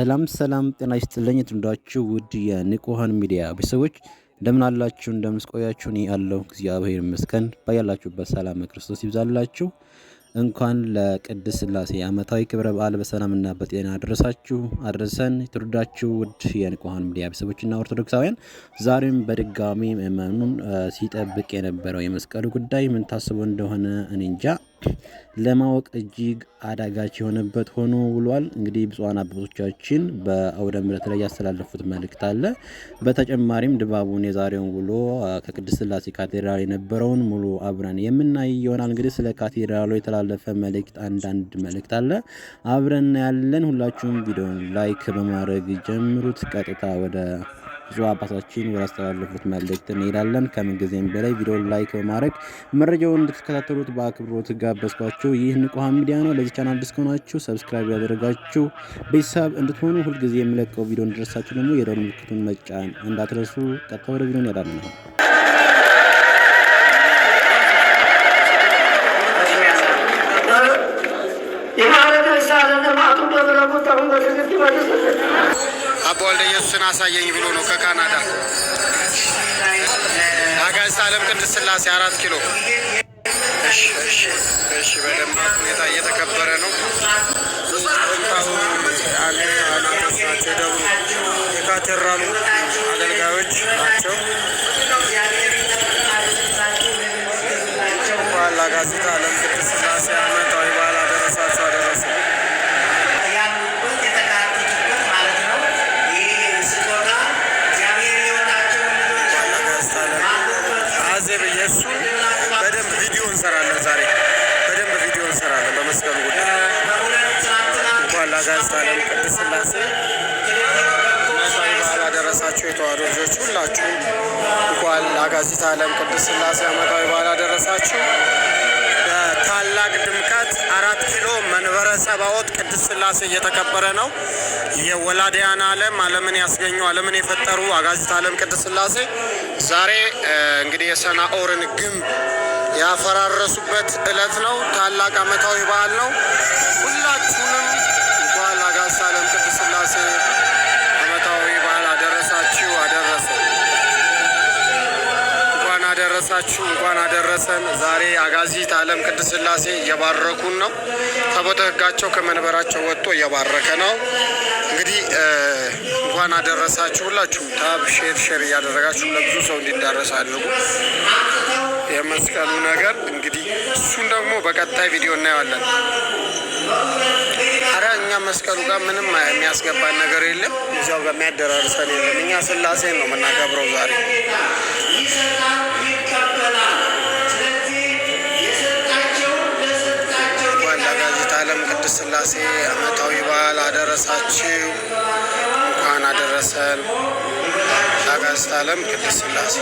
ሰላም ሰላም፣ ጤና ይስጥልኝ ትንዳችሁ ውድ የንቁሃን ሚዲያ ቤተሰቦች እንደምን አላችሁ? እንደምን ስቆያችሁ? እኔ ያለው እግዚአብሔር ይመስገን። ባያላችሁበት ሰላም ክርስቶስ ይብዛላችሁ። እንኳን ለቅድስት ሥላሴ ዓመታዊ ክብረ በዓል በሰላምና በጤና አደረሳችሁ አድረሰን። የተወደዳችሁ ውድ የንቁሃን ሚዲያ ቤተሰቦችና ኦርቶዶክሳውያን ዛሬም በድጋሚ ምእመኑን ሲጠብቅ የነበረው የመስቀሉ ጉዳይ ምን ታስቦ እንደሆነ እኔ እንጃ ለማወቅ እጅግ አዳጋች የሆነበት ሆኖ ውሏል። እንግዲህ ብፁዓን አባቶቻችን በአውደ ምሕረት ላይ ያስተላለፉት መልእክት አለ። በተጨማሪም ድባቡን የዛሬውን ውሎ ከቅድስት ስላሴ ካቴድራል የነበረውን ሙሉ አብረን የምናይ ይሆናል። እንግዲህ ስለ ካቴድራሉ የተላለፈ መልእክት አንዳንድ መልእክት አለ አብረን ያለን ሁላችሁም ቪዲዮን ላይክ በማድረግ ጀምሩት። ቀጥታ ወደ ብፁዕ አባታችን ያስተላለፉት መልእክት እንሄዳለን። ከምን ጊዜም በላይ ቪዲዮን ላይክ በማድረግ መረጃውን እንድትከታተሉት በአክብሮት ጋበዝኳችሁ። ይህ ንቁሃን ሚዲያ ነው። ለዚህ ቻናል አዲስ ከሆናችሁ ሰብስክራይብ ያደረጋችሁ ቤተሰብ እንድትሆኑ ሁልጊዜ የሚለቀው ቪዲዮ እንዲደርሳችሁ ደግሞ የደወል ምልክቱን መጫን እንዳትረሱ። ቀጥታ ወደ ቪዲዮ እንሄዳለን ነው የማለት ሳለ ለማቱ በብረቁ ጠሁ በትግት ይመልስልን አባ ወልደ ኢየሱስን አሳየኝ ብሎ ነው ከካናዳ አጋዕዝተ ዓለም ቅድስት ሥላሴ አራት ኪሎ። እሺ፣ በደማቅ ሁኔታ እየተከበረ ነው። የካቴድራሉ አገልጋዮች ናቸው። ዓለም ቅድስት ሥላሴ እንሰራለን። ዛሬ በደንብ ቪዲዮ እንሰራለን። በመስቀሉ ጉዳይ እንኳን ለአጋዕዝተ ቅድስት ሥላሴ በዓል አደረሳችሁ። የተዋሕዶ ልጆች ሁላችሁ እንኳን ለአጋዕዝተ ዓለም ቅድስት ሥላሴ ዓመታዊ በዓል አደረሳችሁ። በታላቅ ድምቀት አራት ኪሎ መንበረ ጸባዖት ቅድስት ሥላሴ እየተከበረ ነው። የወላዲያን ዓለም ዓለምን ያስገኙ ዓለምን የፈጠሩ አጋዕዝተ ዓለም ቅድስት ሥላሴ ዛሬ እንግዲህ የሰናኦርን ግንብ ያፈራረሱበት ዕለት ነው። ታላቅ ዓመታዊ በዓል ነው። ሁላችሁንም እንኳን ለአጋዕዝተ ዓለም ቅድስት ሥላሴ ዓመታዊ በዓል አደረሳችሁ አደረሰ። እንኳን አደረሳችሁ፣ እንኳን አደረሰን። ዛሬ አጋዕዝተ ዓለም ቅድስት ሥላሴ እየባረኩን ነው። ታቦተ ሕጋቸው ከመንበራቸው ወጥቶ እየባረከ ነው። እንግዲህ እንኳን አደረሳችሁ። ሁላችሁም ታብ ሼር ሼር እያደረጋችሁ ለብዙ ሰው እንዲዳረስ አድርጉ። የመስቀሉ ነገር እንግዲህ እሱን ደግሞ በቀጣይ ቪዲዮ እናየዋለን። አረ እኛ መስቀሉ ጋር ምንም የሚያስገባን ነገር የለም፣ እዚያው ጋር የሚያደራርሰን የለም። እኛ ስላሴን ነው የምናከብረው ዛሬ ስላሴ ዓመታዊ በዓል አደረሳችሁ፣ እንኳን አደረሰን። አጋዕዝተ ዓለም ቅድስት ስላሴ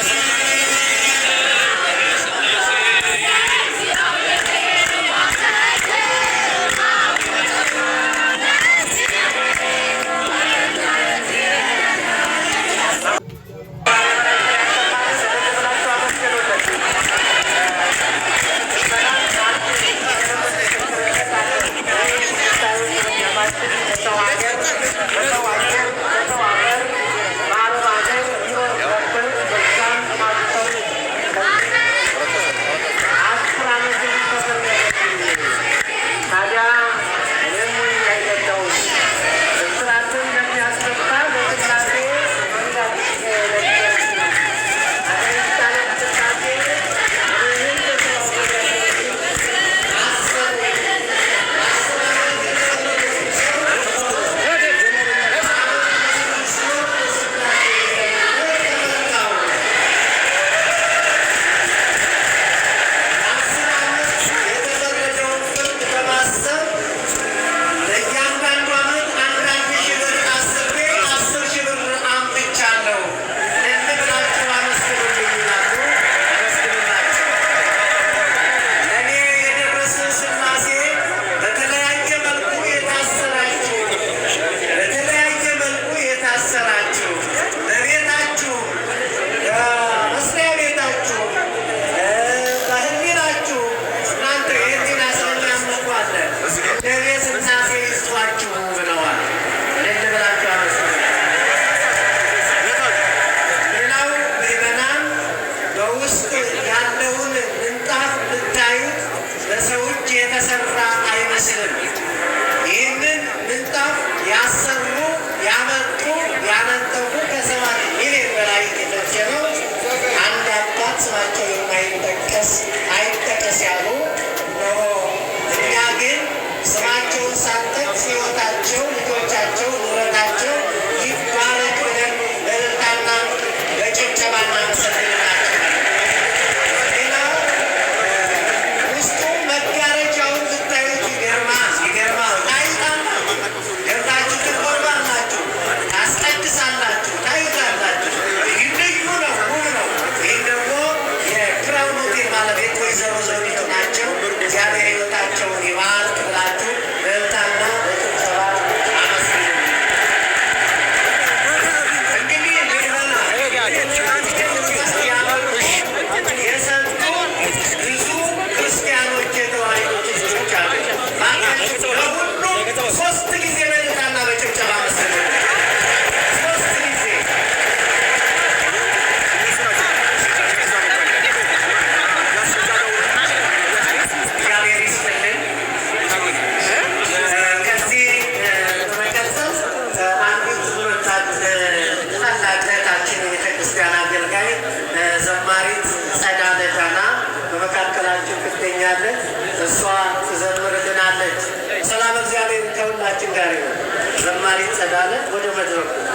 ます。ታላቅ እህታችን የቤተክርስቲያን አገልጋይ ዘማሪት ጸዳለ ዳና በመካከላችን ትገኛለች። እሷ ትዘምርልናለች። ሰላም እግዚአብሔር ከሁላችን ጋር ይሁን። ዘማሪት ጸዳለ ወደ መድረኩ